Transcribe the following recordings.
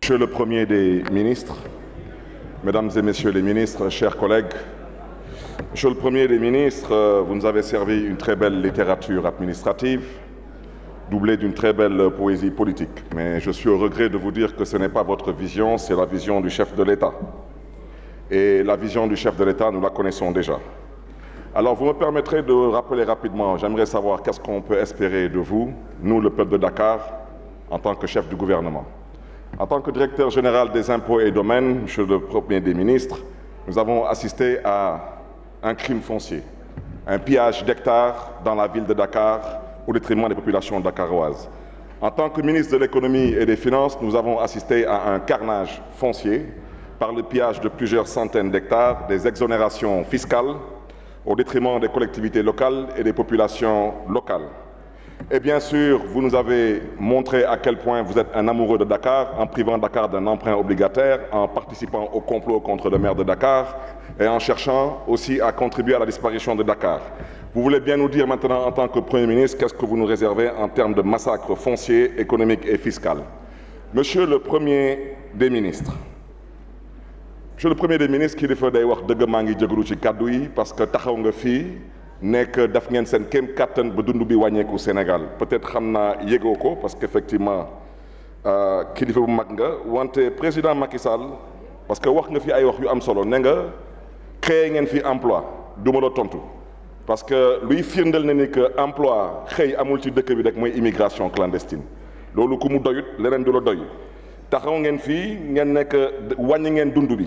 Monsieur le Premier des ministres, Mesdames et Messieurs les ministres, chers collègues, Monsieur le Premier des ministres, vous nous avez servi une très belle littérature administrative, doublée d'une très belle poésie politique. Mais je suis au regret de vous dire que ce n'est pas votre vision, c'est la vision du chef de l'État. Et la vision du chef de l'État, nous la connaissons déjà. Alors, vous me permettrez de rappeler rapidement, j'aimerais savoir qu'est-ce qu'on peut espérer de vous, nous, le peuple de Dakar, en tant que chef du gouvernement. En tant que directeur général des impôts et domaines, monsieur le premier des ministres, nous avons assisté à un crime foncier, un pillage d'hectares dans la ville de Dakar au détriment des populations dakaroises. En tant que ministre de l'économie et des finances, nous avons assisté à un carnage foncier par le pillage de plusieurs centaines d'hectares, des exonérations fiscales, au détriment des collectivités locales et des populations locales. Et bien sûr, vous nous avez montré à quel point vous êtes un amoureux de Dakar en privant Dakar d'un emprunt obligataire, en participant au complot contre le maire de Dakar et en cherchant aussi à contribuer à la disparition de Dakar. Vous voulez bien nous dire maintenant en tant que Premier ministre qu'est-ce que vous nous réservez en termes de massacre foncier, économique et fiscal. Monsieur le Premier des ministres, monsieur le premier des ministres kilifa day wax dëgg maa ngi jëgaru ci kàddu yi parce que taxaw nga fii nekk daf ngeen seen kéem kàttan ba dund bi wàññeeku Sénégal peut-être xam naa yégoo ko parce que effectivement euh, kilifa bu mag nga wante président Macky Sall parce que wax nga fii ay wax yu am solo ne nga xëyee ngeen fii emploi du ma la tontu parce que luy firndal na ni que emploi xëy amul ci dëkk bi rek mooy immigration clandestine loolu ku mu doyut leneen du la doy taxaw ngeen fii ngeen nekk wàññi ngeen dund bi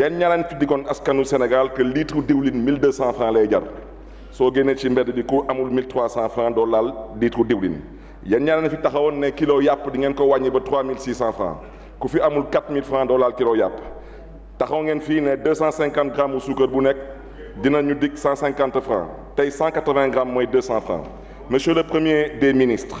yan ñaalaan fi diggoon askanu Sénégal que litre diwlin 1200 francs lay jar soo génnee ci mbedd bi ku amul 1300 francs doo laal litre diwlin yan ñaalaan fi taxawoon ne kilo yàpp di ngeen ko wàññi ba 3600 francs ku fi amul 4000 francs doo laal kilo yàpp taxaw ngeen fii ne 250 grammes u suukar bu nekk dinañu dig 150 francs tey 180 grammes mooy 200 francs monsieur le premier des ministres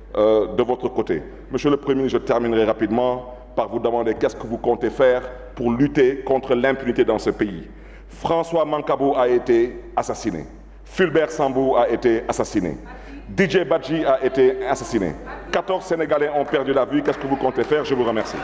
Euh, de votre côté. Monsieur le Premier ministre, je terminerai rapidement par vous demander qu'est-ce que vous comptez faire pour lutter contre l'impunité dans ce pays. François Mankabou a été assassiné. Fulbert Sambou a été assassiné. DJ Badji a été assassiné. 14 Sénégalais ont perdu la vie. Qu'est-ce que vous comptez faire Je vous remercie.